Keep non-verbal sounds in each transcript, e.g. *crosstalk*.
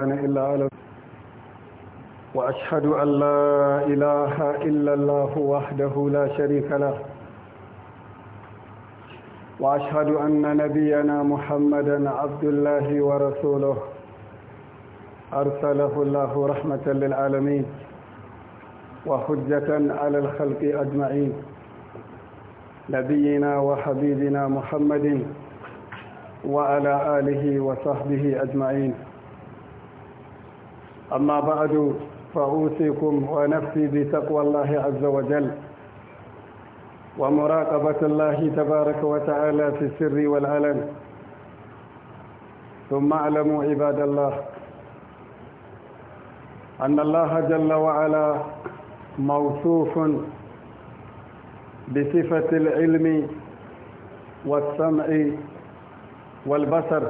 إلا على وأشهد أن لا إله إلا الله وحده لا شريك له وأشهد أن نبينا محمدا عبد الله ورسوله أرسله الله رحمة للعالمين وحجة على الخلق أجمعين نبينا وحبيبنا محمد وعلى آله وصحبه أجمعين أما بعد فأوصيكم ونفسي بتقوى الله عز وجل ومراقبة الله تبارك وتعالى في السر والعلن ثم اعلموا عباد الله أن الله جل وعلا موصوف بصفة العلم والسمع والبصر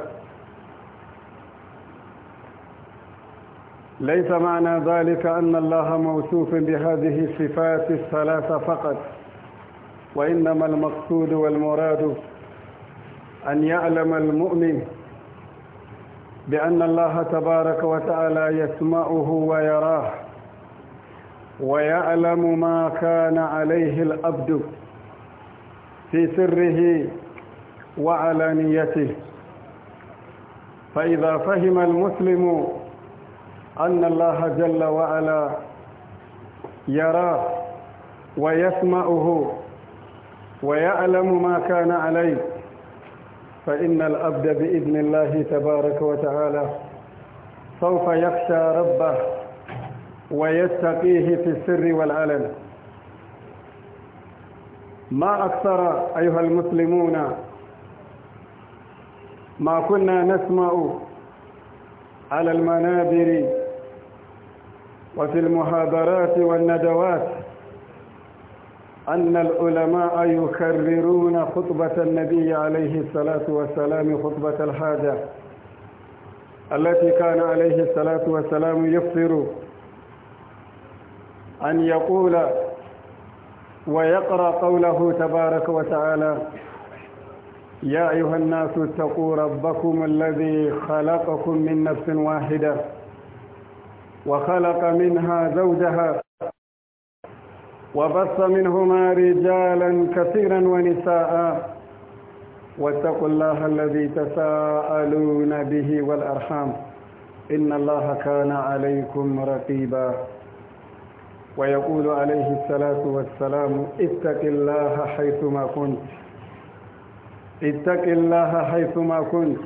ليس معنى ذلك أن الله موصوف بهذه الصفات الثلاثة فقط وإنما المقصود والمراد أن يعلم المؤمن بأن الله تبارك وتعالى يسمعه ويراه ويعلم ما كان عليه الأبد في سره وعلانيته فإذا فهم المسلم أن الله جل وعلا يراه ويسمعه ويعلم ما كان عليه فإن الأبد بإذن الله تبارك وتعالى سوف يخشى ربه ويتقيه في السر والعلن ما أكثر أيها المسلمون ما كنا نسمع على المنابر وفي المحاضرات والندوات أن العلماء يكررون خطبة النبي عليه الصلاة والسلام خطبة الحاجة التي كان عليه الصلاة والسلام يفطر أن يقول ويقرأ قوله تبارك وتعالى يا أيها الناس اتقوا ربكم الذي خلقكم من نفس واحدة وخلق منها زوجها وبث منهما رجالا كثيرا ونساء واتقوا الله الذي تساءلون به والأرحام إن الله كان عليكم رقيبا ويقول عليه الصلاة والسلام اتق الله حيثما كنت اتق الله حيثما كنت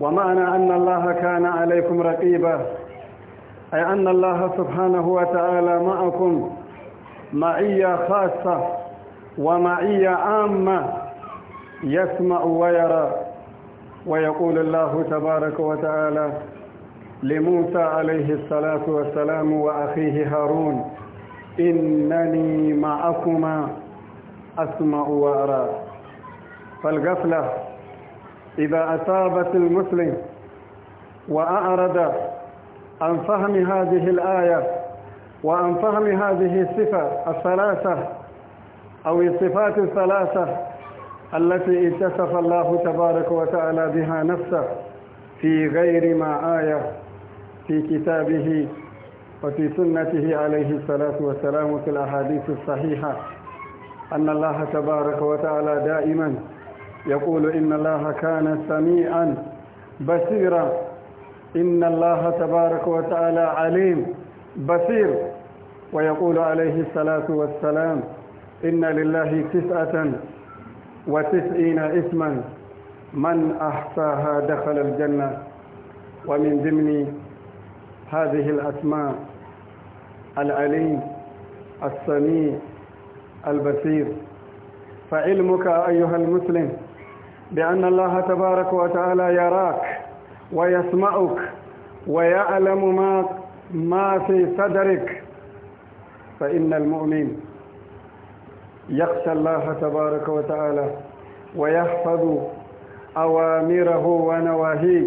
ومعنى أن الله كان عليكم رقيبا أي أن الله سبحانه وتعالى معكم معية خاصة ومعية عامة يسمع ويرى ويقول الله تبارك وتعالى لموسى عليه الصلاة والسلام وأخيه هارون إنني معكما أسمع وأرى فالغفلة إذا أصابت المسلم وأعرض عن فهم هذه الآية وعن فهم هذه الصفة الثلاثة أو الصفات الثلاثة التي اتصف الله تبارك وتعالى بها نفسه في غير ما آية في كتابه وفي سنته عليه الصلاة والسلام في الأحاديث الصحيحة أن الله تبارك وتعالى دائما يقول إن الله كان سميعا بصيرا إن الله تبارك وتعالى عليم بصير ويقول عليه الصلاة والسلام إن لله تسعة وتسعين اسما من أحصاها دخل الجنة ومن ضمن هذه الأسماء العليم السميع البصير فعلمك أيها المسلم بأن الله تبارك وتعالى يراك ويسمعك ويعلم ما ما في صدرك فإن المؤمن يخشى الله تبارك وتعالى ويحفظ أوامره ونواهيه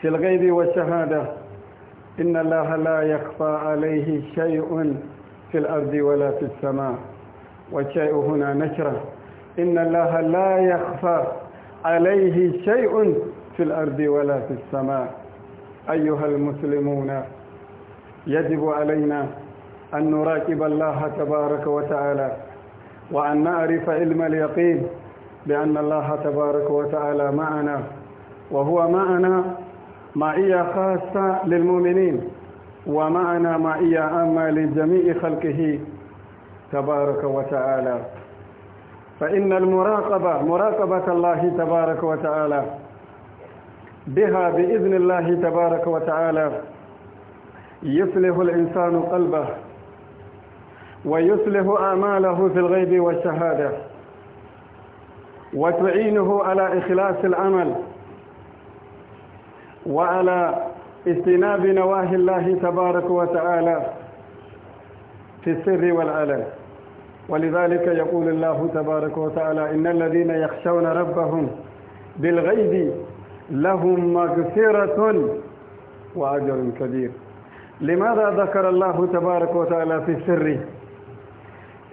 في الغيب والشهادة إن الله لا يخفى عليه شيء في الأرض ولا في السماء والشيء هنا نشرة إن الله لا يخفى عليه شيء في الأرض ولا في السماء أيها المسلمون يجب علينا أن نراقب الله تبارك وتعالى وأن نعرف علم اليقين بأن الله تبارك وتعالى معنا وهو معنا معية خاصة للمؤمنين ومعنا معية عامة لجميع خلقه تبارك وتعالى فإن المراقبة مراقبة الله تبارك وتعالى بها بإذن الله تبارك وتعالى يصلح الإنسان قلبه ويصلح أعماله في الغيب والشهادة وتعينه على إخلاص العمل وعلى اجتناب نواهي الله تبارك وتعالى في السر والعلن ولذلك يقول الله تبارك وتعالى إن الذين يخشون ربهم بالغيب لهم مغفرة وأجر كبير لماذا ذكر الله تبارك وتعالى في السر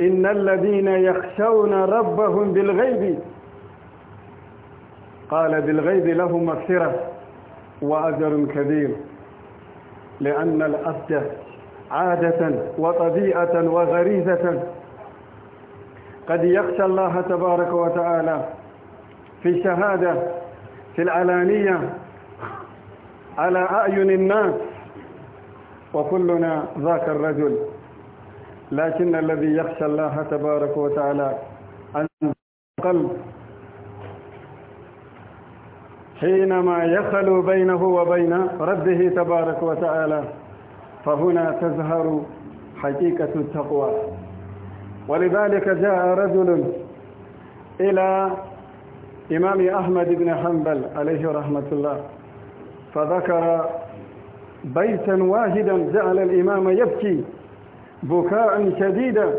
إن الذين يخشون ربهم بالغيب قال بالغيب لهم مغفرة وأجر كبير لأن الأسجة عادة وطبيعة وغريزة قد يخشى الله تبارك وتعالى في شهادة في العلانية على أعين الناس وكلنا ذاك الرجل لكن الذي يخشى الله تبارك وتعالى أن القلب حينما يخلو بينه وبين ربه تبارك وتعالى فهنا تظهر حقيقة التقوى ولذلك جاء رجل إلى إمام أحمد بن حنبل عليه رحمة الله فذكر بيتا واحدا جعل الإمام يبكي بكاء شديدا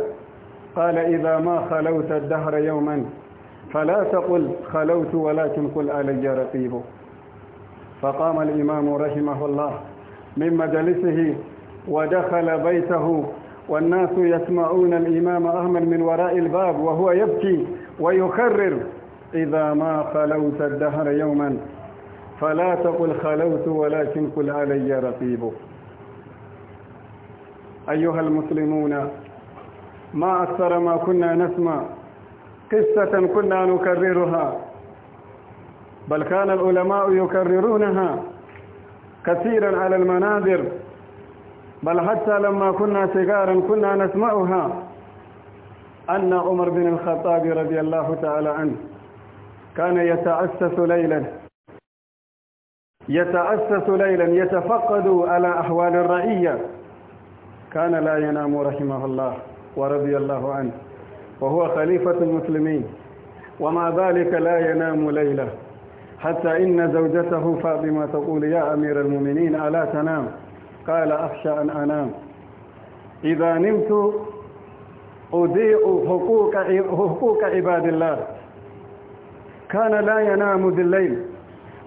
قال إذا ما خلوت الدهر يوما فلا تقل خلوت ولكن قل علي رقيب فقام الإمام رحمه الله من مجلسه ودخل بيته والناس يسمعون الإمام أحمد من وراء الباب وهو يبكي ويكرر إذا ما خلوت الدهر يوما فلا تقل خلوت ولكن قل علي رقيبك أيها المسلمون ما أكثر ما كنا نسمع قصة كنا نكررها بل كان العلماء يكررونها كثيرا على المنابر بل حتى لما كنا سجارا كنا نسمعها أن عمر بن الخطاب رضي الله تعالى عنه كان يتأسس ليلا يتأسس ليلا يتفقد على أحوال الرعية كان لا ينام رحمه الله ورضي الله عنه وهو خليفة المسلمين ومع ذلك لا ينام ليلة حتى إن زوجته فاطمة تقول يا أمير المؤمنين ألا تنام قال أخشى أن أنام إذا نمت أضيء حقوق, حقوق عباد الله كان لا ينام بالليل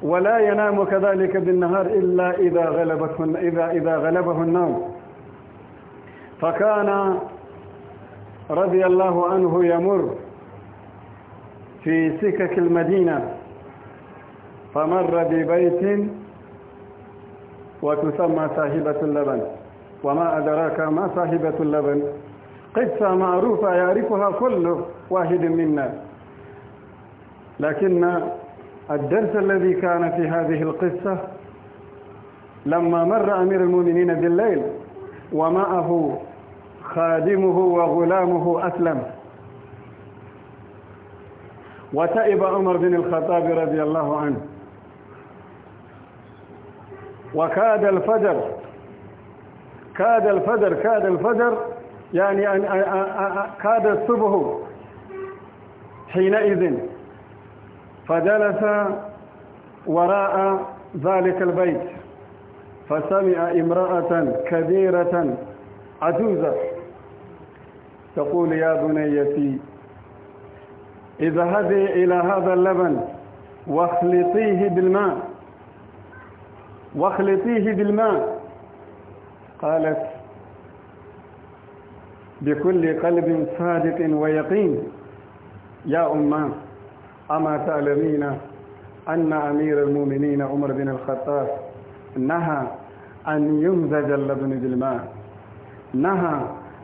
ولا ينام كذلك بالنهار إلا إذا غلبته إذا إذا غلبه النوم فكان رضي الله عنه يمر في سكك المدينة فمر ببيت وتسمى صاحبة اللبن وما أدراك ما صاحبة اللبن قصة معروفة يعرفها كل واحد منا لكن الدرس الذي كان في هذه القصة لما مر أمير المؤمنين بالليل ومعه خادمه وغلامه أسلم وتئب عمر بن الخطاب رضي الله عنه وكاد الفجر كاد الفجر كاد الفجر يعني كاد الصبح حينئذ فجلس وراء ذلك البيت فسمع امرأة كبيرة عجوزة تقول يا بنيتي اذهبي إلى هذا اللبن واخلطيه بالماء واخلطيه بالماء قالت بكل قلب صادق ويقين يا أمه أما تعلمين أن أمير المؤمنين عمر بن الخطاب نهى أن يمزج اللبن بالماء نهى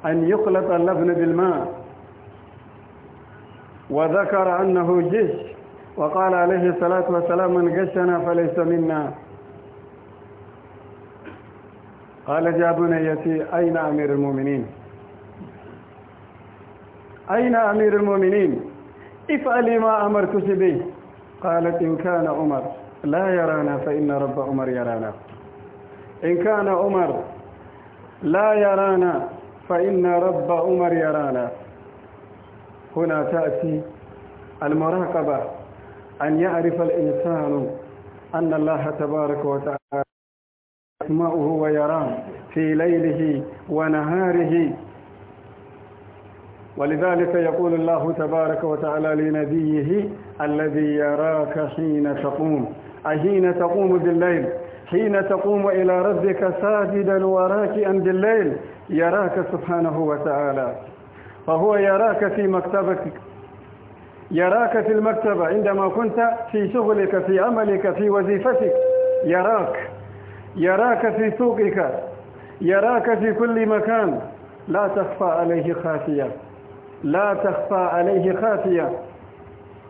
أن يخلط اللبن بالماء وذكر أنه جش وقال عليه الصلاة والسلام من غشنا فليس منا قال بنيتي أين أمير المؤمنين أين أمير المؤمنين ifali ma amar ku su bai ƙalat in kana umar la ya rana fa ina rabba umar ya rana in kana umar la ya rana fa rabba umar ya kuna ta fi almaraqaba an ya arifa al’insanu an Allah ta baraka wata ma'uhu wa yara fi lailihi wa naharihi ولذلك يقول الله تبارك وتعالى لنبيه الذي يراك حين تقوم أحين تقوم بالليل حين تقوم إلى ربك ساجدا وراكئا بالليل يراك سبحانه وتعالى فهو يراك في مكتبك يراك في المكتبة عندما كنت في شغلك في عملك في وظيفتك يراك يراك في سوقك يراك في كل مكان لا تخفى عليه خافيه لا تخفى عليه خافية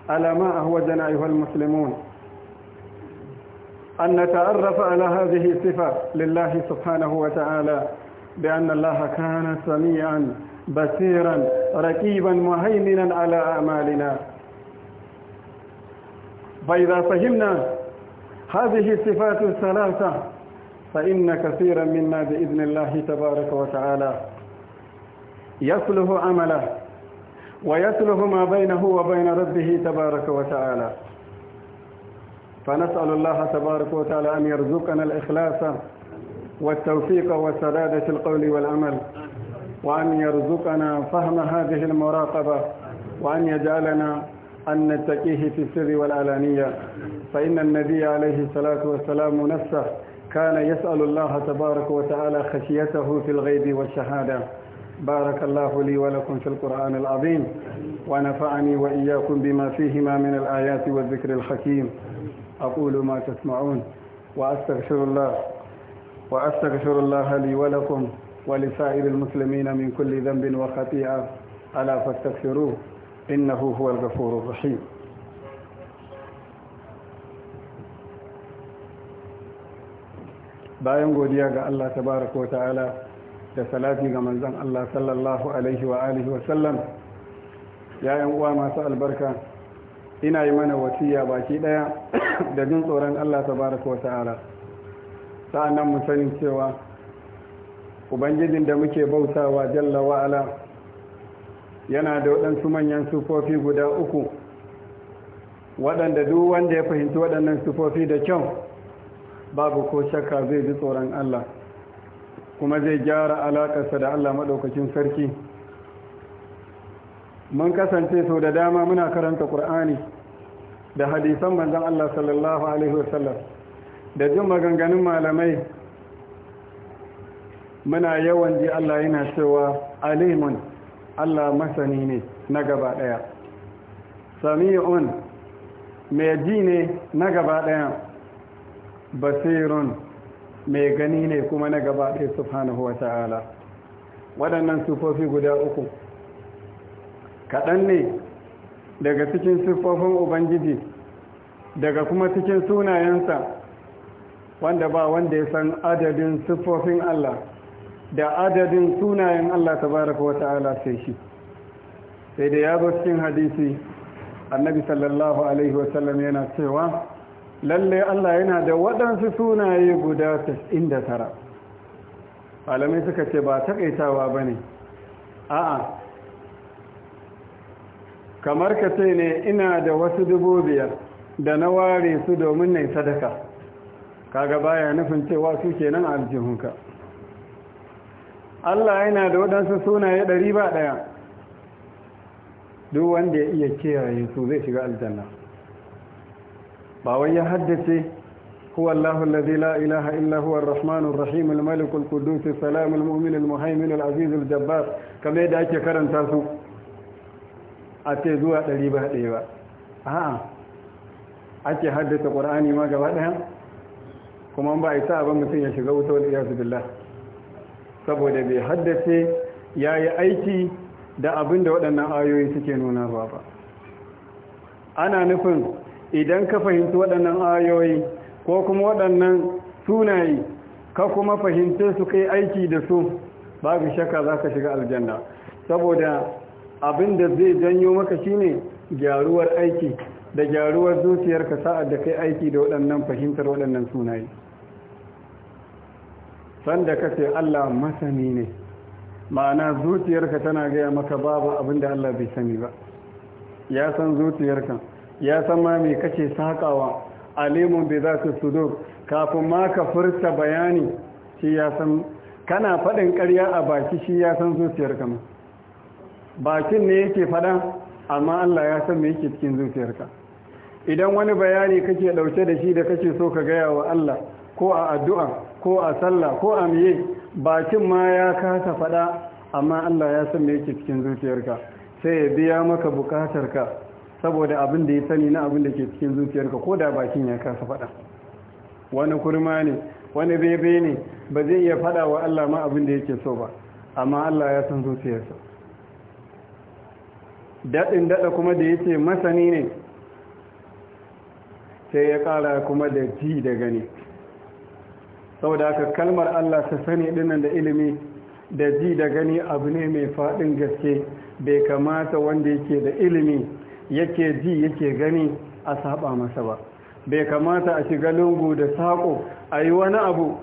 على ما أهوجنا أيها المسلمون أن نتعرف على هذه الصفة لله سبحانه وتعالى بأن الله كان سميعا بصيرا ركيبا مهيمنا على أعمالنا فإذا فهمنا هذه الصفات الثلاثة فإن كثيرا منا بإذن الله تبارك وتعالى يصله عمله ويسلف ما بينه وبين ربه تبارك وتعالى فنسأل الله تبارك وتعالى أن يرزقنا الإخلاص والتوفيق في القول والعمل وأن يرزقنا فهم هذه المراقبة وأن يجعلنا أن نتقيه في السر والعلانية فإن النبي عليه الصلاة والسلام نفسه كان يسأل الله تبارك وتعالى خشيته في الغيب والشهادة بارك الله لي ولكم في القرآن العظيم ونفعني وإياكم بما فيهما من الآيات والذكر الحكيم أقول ما تسمعون وأستغفر الله وأستغفر الله لي ولكم ولسائر المسلمين من كل ذنب وخطيئة ألا فاستغفروه إنه هو الغفور الرحيم bayan godiya ga Allah tabaraka wa ta'ala da salafi ga manzon Allah sallallahu alaihi wa alihi wa sallam ya uwa masu albarka ina yi mana wasiya baki daya *coughs* da jin tsoron Allah tabaraka wa ta'ala sa'annan mu sani cewa ubangijin da muke bautawa jalla wa ala yana da waɗansu manyan sufofi guda uku waɗanda duk wanda ya fahimci waɗannan sufofi da kyau babu ko shakka zai ji tsoron Allah kuma zai gyara alaƙarsa da Allah maɗaukacin sarki mun kasance sau da dama muna karanta ƙur'ani da hadisan manzan Allah sallallahu Alaihi wasallam da jin maganganun malamai muna yawan ji Allah yana cewa alimun Allah masani ne na gaba ɗaya sami'un mai ji ne na gaba ɗaya basirun mai gani ne kuma na gaba ɗaya subhanahu wa ta'ala waɗannan sufofi guda uku kaɗan ne daga cikin sufofin ubangiji daga kuma cikin sunayensa wanda ba wanda ya san adadin sufofin Allah da adadin sunayen Allah tabaraka wa ta'ala sai shi sai da ya zo cikin hadisi annabi sallallahu alaihi wasallam yana cewa lalle Allah yana da waɗansu sunaye guda 99 malamai suka ce ba takaitawa ba ne a'a kamar ka ce ne ina da wasu dubu biyar da na ware su domin na sadaka kaga baya nufin cewa su kenan aljihunka Allah yana da waɗansu sunaye ɗari ba ɗaya duk wanda ya iya kiyaye su zai shiga aljanna ba wai ya haddace huwa Allahu allazi la ilaha illa huwa ar rahim al-malik al-qudus as-salam al-mu'min al-muhaymin al-aziz al-jabbar kamar da ake karanta su a ce zuwa 100 ba ba a'a ake haddace qur'ani ma gaba ɗaya kuma ba isa ba mutum ya shiga wuta wal iyaz billah saboda bai haddace yayi aiki da abinda waɗannan ayoyi suke nuna ba ba ana nufin idan ka fahimci waɗannan ayoyi ko kuma waɗannan sunayi ka kuma fahimce su kai aiki da su babu shaka za ka shiga aljanna saboda abin da zai janyo maka shine gyaruwar aiki da gyaruwar zuciyarka sa'ad da kai aiki da waɗannan fahimtar waɗannan sunaye sanda ka ce Allah masani ne ma'ana zuciyarka tana gaya maka babu abin da Allah bai sani ba ya san zuciyarka ya san ma me kace sakawa alimun bi za su sudur kafin ma ka furta bayani shi ya san kana faɗin karya a baki shi ya san zuciyar kama bakin ne yake faɗa amma Allah ya san me yake cikin zuciyarka idan wani bayani kake ɗauke da shi da kake so ka gaya wa Allah ko a addu'a ko a sallah ko a miye bakin ma ya kasa faɗa amma Allah ya san me yake cikin zuciyarka sai ya biya maka bukatarka saboda abin da ya sani na abin da ke cikin zuciyarka ko da bakin ya kasa faɗa wani kurma ne wani bebe ne ba zai iya faɗa wa Allah ma abin da yake so ba amma Allah ya san zuciyarsa daɗin daɗa kuma da yake masani ne sai ya ƙara kuma da ji da gani saboda aka kalmar Allah ta sani dinnan da ilimi da ji da gani abu ne mai faɗin gaske bai kamata wanda yake da ilimi yake ji yake gani a saba masa ba bai kamata a shiga lungu da saƙo a yi wani abu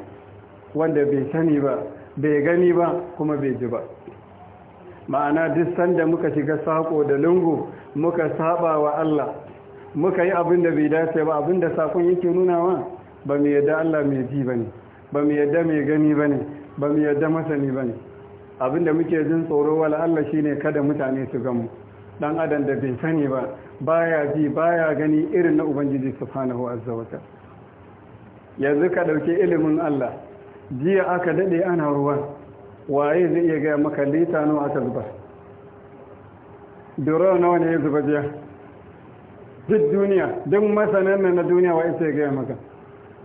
wanda bai sani ba bai gani ba kuma bai ji ba ma'ana duk sanda muka shiga sako da lungu muka saba wa Allah muka yi abin da bai dace ba abin da sakon yake nunawa ba mu yadda Allah mai ji ba ne ba mu yadda mai gani ba ne ba mu yadda masani ba ne abin da muke jin tsoro wala Allah shine kada mutane su gamu dan adam da bai sani ba baya ji baya gani irin na ubangiji subhanahu azza wa yanzu ka dauke ilimin Allah jiya aka dade ana ruwa waye zai iya ga maka lita nawa aka zuba duro nawa ne zuba jiya duk duniya duk masanan na duniya waye sai ga maka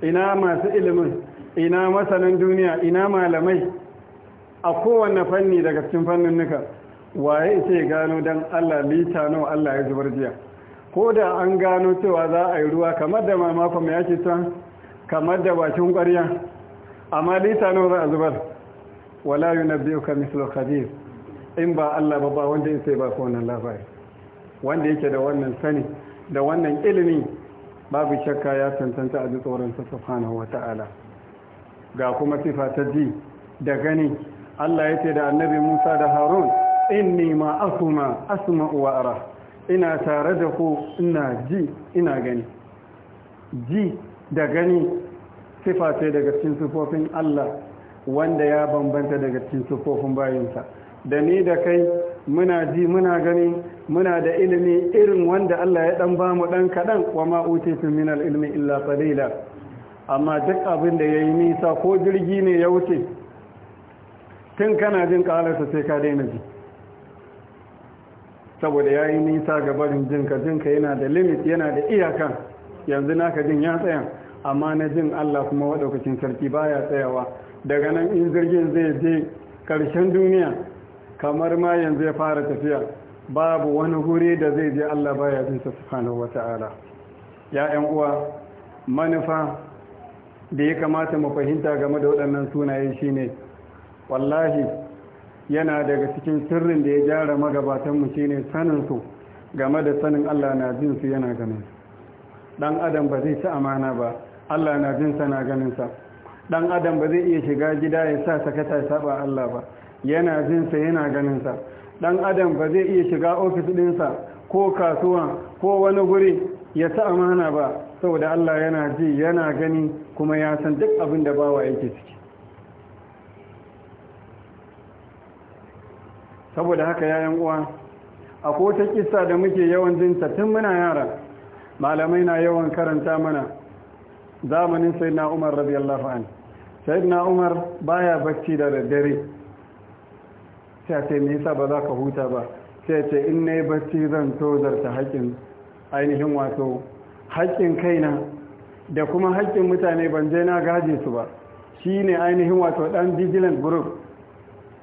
ina masu ilimin ina masanan duniya ina malamai a kowanne fanni daga cikin fannin nuka waye ya gano dan Allah lita nawa Allah ya zubar jiya ko da an gano cewa za a yi ruwa kamar da mamako mai yake can kamar da bakin ƙwarya amma lita nawa za a zubar wala ka mislu khabir in ba Allah ba ba wanda yake ba ko wannan labari wanda yake da wannan sani da wannan ilimi babu shakka ya tantanta a ji tsoron sa subhanahu ta'ala ga kuma sifa ta ji da gani Allah ya ce da annabi Musa da Harun inni ma asuma asma wa ina tare da ku ina ji ina gani ji da gani sifa ce daga cikin sifofin Allah wanda ya bambanta daga cikin sifofin bayinsa da ni da kai muna ji muna gani muna da ilimi irin wanda Allah ya dan ba mu dan kadan wa ma utitu min ilmi illa qalila amma duk abin da yayi nisa ko jirgi ne ya wuce tun kana jin kalarsa sai ka daina ji saboda ya yi nisa ga barin jinka jinka yana da limit yana da iyakan yanzu naka jin ya tsaya amma na jin Allah kuma waɗaukacin sarki baya tsayawa daga nan in jirgin zai je ƙarshen duniya kamar ma yanzu ya fara tafiya babu wani guri da zai je Allah baya jin sa subhanahu wata'ala ya ƴan uwa manufa da ya kamata mu fahimta game da waɗannan sunaye shine wallahi yana daga cikin sirrin da ya gyara magabatanmu shine sanin su game da sanin Allah na jin yana ganin dan adam ba zai ci amana ba Allah na jin sa na ganin sa dan adam ba zai iya shiga gida ya sa sakata ya saba Allah ba yana jin sa yana ganin sa dan adam ba zai iya shiga ofis din sa ko kasuwa ko wani guri ya ci amana ba saboda Allah yana ji yana gani kuma ya san duk abin da bawa yake ciki saboda haka yayan uwa a kota kissa da muke yawan jinta tun muna yara malamai na yawan karanta mana zamanin sayyidina umar radiyallahu an sayyidina umar baya bacci da daddare sai ce me yasa ba za ka huta ba sai ce in nayi bacci zan sozarta haƙin ainihin wato haƙin kaina da kuma haƙin mutane ban je na gaje su ba shine ainihin wato dan vigilant group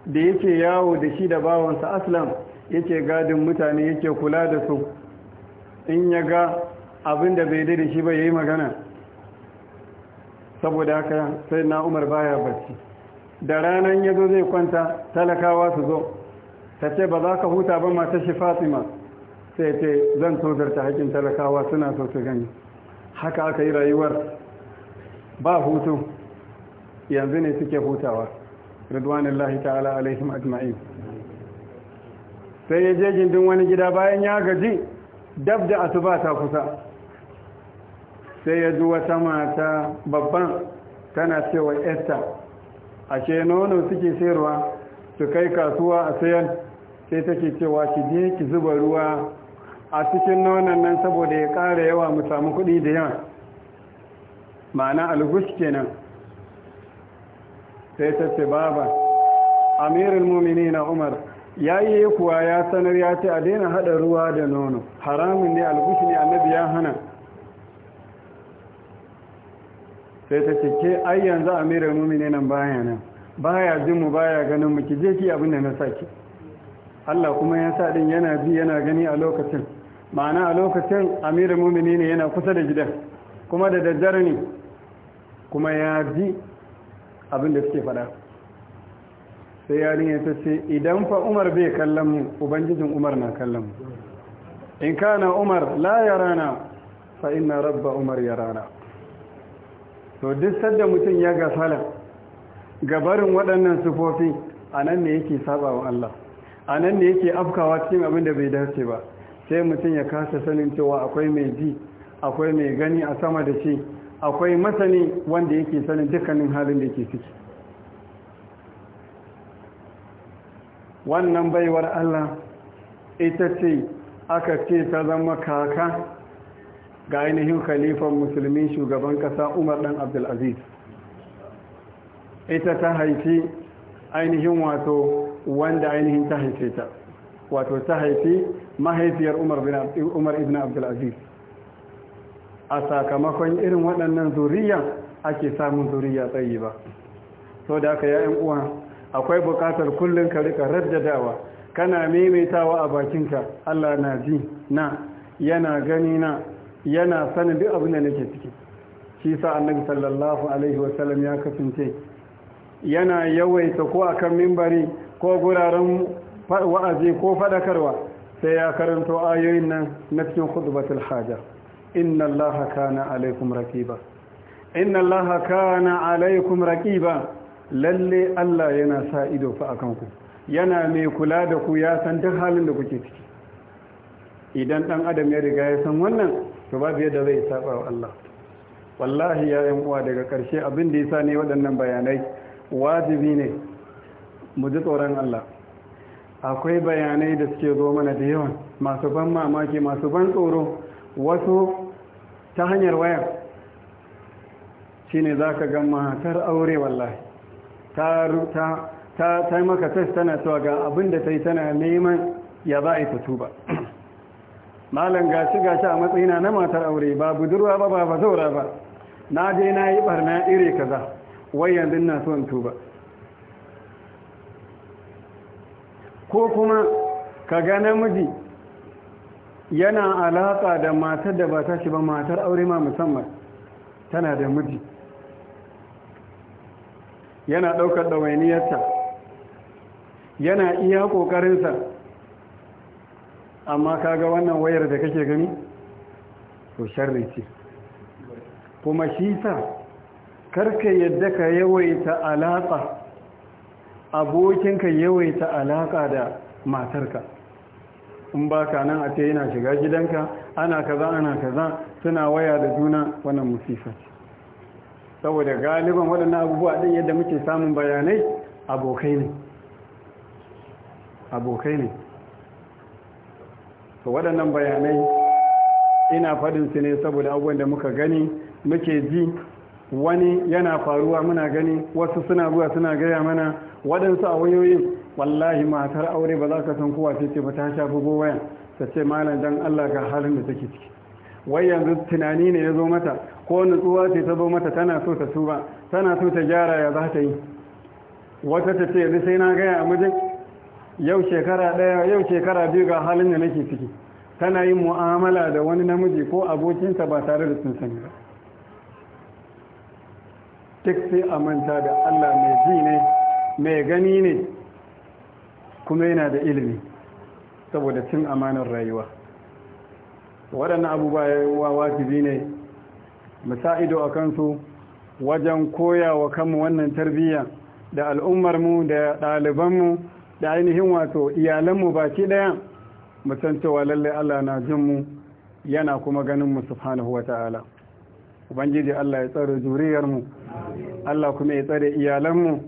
da yake yawo da shi da bawansa aslam yake gadin mutane yake kula da su in ya ga abin da bai da shi ba ya yi magana saboda haka sai na umar baya bacci da ranar ya zo zai kwanta talakawa su zo ta ce ba za ka huta ba mata shi fatima sai ce zan tozarta hakin talakawa suna so su gani haka aka yi rayuwar ba hutu yanzu ne suke hutawa ridwanullahi ta'ala alaihim ajma'in sai ya je gindin wani gida bayan ya gaji dab da asuba ta kusa sai ya ji wata mata babban tana cewa esther ce nono suke sayarwa su kai kasuwa a sayan sai take cewa ki je ki zuba ruwa a cikin nonon nan saboda ya ƙara yawa mu samu kuɗi da yawa ma'ana algush kenan sai ta ce baba amirin mumini na umar ya yi kuwa ya sanar ya ce a daina haɗa ruwa da nono haramun ne albushi ne annabi ya hana sai ta cike ai yanzu amirin mumini nan baya nan baya jin mu baya ganin mu ki ki abin da na saki Allah kuma ya sa din yana bi yana gani a lokacin ma'ana a lokacin amirin mumini ne yana kusa da gidan kuma da daddare ne kuma ya ji abin da suke faɗa sai ya ta ce idan fa umar bai kallon mu ubangijin umar na kallon mu in kana umar la ya rana fa ina rabba umar ya rana to duk sadda mutum ya gasala gabarin waɗannan sufofi a nan ne yake saba wa Allah a nan ne yake afkawa cikin abinda bai dace ba sai mutum ya kasa sanin cewa akwai mai ji akwai mai gani a sama da shi akwai masani wanda yake sanin dukkanin halin da yake ciki wannan baiwar Allah ita ce aka ce ta zama kaka ga ainihin khalifan musulmi shugaban kasa umar dan abdulaziz ita ta haifi ainihin wato wanda ainihin ta haife ta wato ta haifi mahaifiyar umar ibn abdulaziz a sakamakon irin waɗannan zuriya ake samun zuriya tsayi ba so da aka yayin uwa akwai bukatar kullum ka rika raddadawa kana maimaitawa a bakinka Allah na ji na yana gani na yana sanin duk abin da nake ciki shi sa annabi sallallahu alaihi wasallam ya kasance yana yawaita ko akan mimbari ko guraren wa'azi ko faɗakarwa sai ya karanto ayoyin nan na cikin khutbatul haja inna allaha kana alaikum raqiba inna allaha kana alaikum raqiba lalle Allah yana sa ido fa akan ku yana mai kula da ku ya san duk halin da kuke ciki idan dan adam ya riga ya san wannan to babu da zai saba wa Allah wallahi ya yan uwa daga karshe abin da yasa ne waɗannan bayanai wajibi ne mu ji tsoron Allah akwai bayanai da suke zo mana da yawan masu ban mamaki masu ban tsoro wasu ta hanyar wayar shine za ka ga matar aure wallahi ta ta maka tas tana cewa ga abinda da ta yi tana neman ya za a yi tuba *clears throat* malam gashi gashi a matsayina na matar aure ba budurwa ba ba zaura ba na je na yi barna iri kaza wai yanzu na so tuba ko kuma ka ga namiji yana alaƙa da matar da ba ta shi ba matar aure ma musamman tana da miji yana ɗaukar ɗawainiyarsa yana iya ƙoƙarinsa amma kaga wannan wayar da kake gani to sharri ce kuma shi sa karka yadda ka yawaita alaƙa abokinka yawaita alaƙa da matarka in ba ka nan a ce yana shiga gidanka ana kaza ana kaza suna waya da juna wannan musifa saboda galiban waɗannan abubuwa ɗin yadda muke samun bayanai abokai ne abokai ne to waɗannan bayanai ina faɗin su ne saboda abubuwan da muka gani muke ji wani yana faruwa muna gani wasu suna zuwa suna gaya mana waɗansu a wayoyin wallahi matar aure ba za ka san kowa ce ce ba ta shafi gowayan ta ce malam dan Allah ga halin da take ciki wai yanzu tunani ne ya zo mata ko nutsuwa ce ta zo mata tana so ta tuba tana so ta gyara ya za ta yi wata ta ce sai na gaya a mijin yau shekara ɗaya yau shekara biyu ga halin da nake ciki tana yin mu'amala da wani namiji ko abokinsa ba tare da sun sani ba duk sai a manta da Allah mai ji ne mai gani ne kuma yana da ilimi saboda cin amanar rayuwa waɗannan abubuwa wajibi ne ido a kansu wajen koya wa kanmu wannan tarbiyya da al'ummarmu da ɗalibanmu da ainihin wato iyalanmu baki ɗaya musan lallai Allah na jinmu yana kuma ganinmu subhanahu wa ta'ala ubangiji Allah ya tsare zuriyarmu Allah kuma ya tsare iyalanmu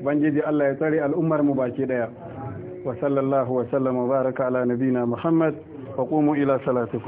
ubangiji Allah ya tsare al'ummarmu baki ɗaya وصلى الله وسلم وبارك على نبينا محمد وقوموا إلى صلاتكم